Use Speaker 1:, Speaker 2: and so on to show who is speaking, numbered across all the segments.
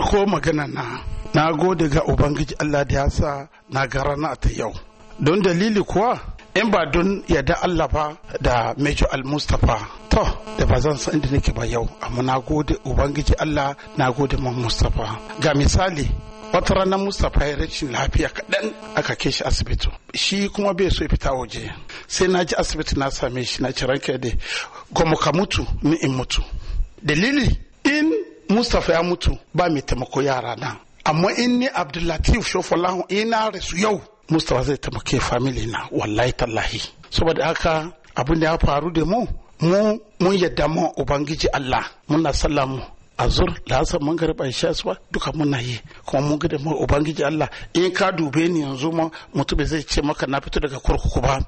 Speaker 1: farko magana na na gode ga ubangiji allah da ya sa na garana rana ta yau don dalili kuwa in ba don yada allah ba da mejo al-mustapha to da ba zan san inda nake ba yau amma na gode ubangiji allah na gode ma mustapha ga misali wata rana mustapha ya rashin lafiya kaɗan aka kai shi asibiti shi kuma bai so ya fita waje sai na ji asibiti na same shi na ci ranka da ka mutu ni in mutu dalili mustapha ya mutu ba mai taimako yara na amma in ni abdullatif shofalahu ina eh, rasu yau mustapha zai taimake family na wallahi tallahi saboda haka abin da ya faru da mu mu mun yadda mu ubangiji allah muna sallamu azur lasar mun garba isha su ba duka muna yi kuma mun gida mu ubangiji Allah in ka dube ni yanzu ma mutum zai ce maka na fito daga kurkuku ba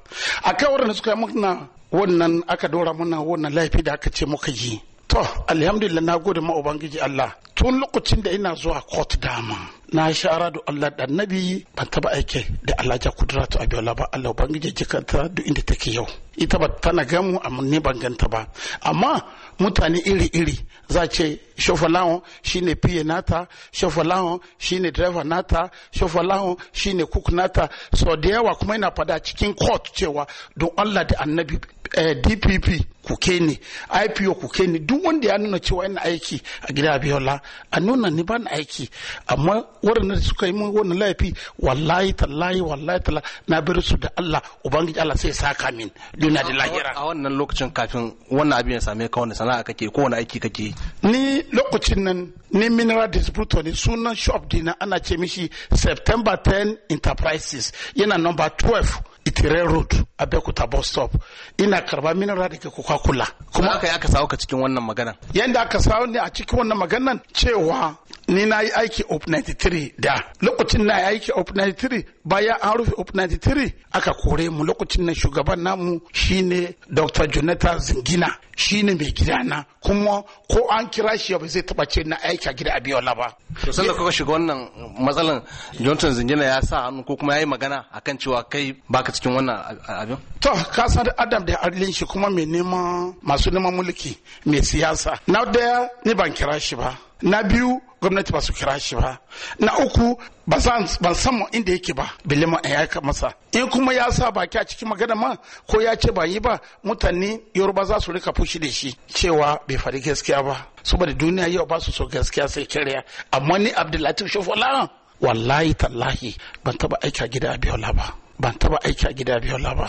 Speaker 1: a kai suka yi muna wannan aka dora muna wannan laifi da aka ce muka yi to alhamdulillah na gode ma ubangiji Allah tun lokacin da ina zuwa court dama na shara da Allah da annabi ban taba aike da Alhaji Kudratu abiyola ba Allah ubangiji jikanta duk inda take yau ita ba tana gamu amma ne ban ganta ba amma mutane iri-iri za ce shofalahun shine fiye nata shofalahun shine driver nata shofalahun shine cook nata so da yawa kuma yana fada cikin court cewa don Allah da annabi eh, DPP kuke ne IPO kuke ne duk wanda ya nuna cewa yana aiki a gida biyola a nuna ni ban aiki amma waɗanda suka yi mun wannan laifi wallahi tallahi wallahi tallahi
Speaker 2: na bar su da Allah ubangiji Allah sai saka min duniya da lahira a wannan lokacin kafin wannan abin ya same ka wani sana'a kake ko wani aiki kake
Speaker 1: ni lokacin nan ni mineral distributor ne sunan shop dina ana ce mishi September 10 Enterprises yana number 12 Itire Road a Bekuta bus stop ina karba mineral da ke Coca-Cola.
Speaker 2: Kuma aka yi aka sawo ka cikin wannan maganan.
Speaker 1: yadda aka sawo ne a cikin wannan maganan cewa ni na yi aiki op 93 da lokacin na yi aiki op 93 bayan an rufe op 93 aka kore mu lokacin na shugaban namu shine dr jonathan zingina
Speaker 2: shine mai gidana kuma ko an kira shi ba zai taba ce na aiki a gida a ba laba. da kuka shiga wannan matsalan jonathan zingina ya sa hannu ko kuma ya yi magana akan cewa kai baka cikin wannan abin
Speaker 1: to ka san adam da arlin shi kuma mai neman masu neman mulki mai siyasa na daya ni ban kira shi ba na biyu gwamnati ba su kira shi ba na uku ba ban san inda yake ba bilima ya yi masa in kuma ya sa baki a cikin magana ma ko ya ce ba yi ba mutane yoruba za su rika fushi da shi cewa bai faɗi gaskiya ba saboda duniya yau ba su so gaskiya sai kirya amma ni abdulatif shofola wallahi tallahi ban taba aika gida abiola ba
Speaker 2: ban taba aika gida ba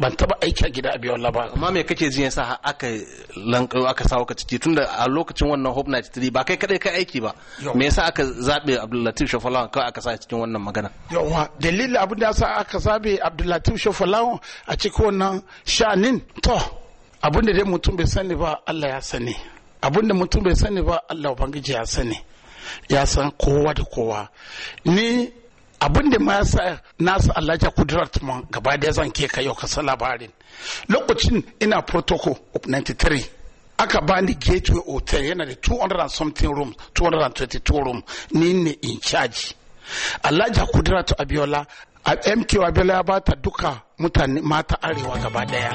Speaker 2: ban taba aiki a gida a biyu Allah ba amma me kake jin yasa aka lankayo aka sa ka ciki tunda a lokacin wannan Hope 93 ba kai kadai ka aiki ba me yasa aka zabe Abdullatif Shafalawan kawai aka sa cikin wannan magana
Speaker 1: yawa dalilin abin da yasa aka zabe Abdullatif Shafalawan a cikin wannan sha'anin to abin da dai mutum bai sani ba Allah ya sani abin da mutum bai sani ba Allah ubangiji ya sani ya san kowa da kowa ni abin da ma yasa nasu alhaji kudurat man gaba da zan ke kai kasa labarin lokacin ina protocol of 93 aka bani gateway hotel yana da 200 and something room 222 room ni ne in charge alhaji kudurat abiola a mk abiola ya bata duka mutane mata arewa gaba daya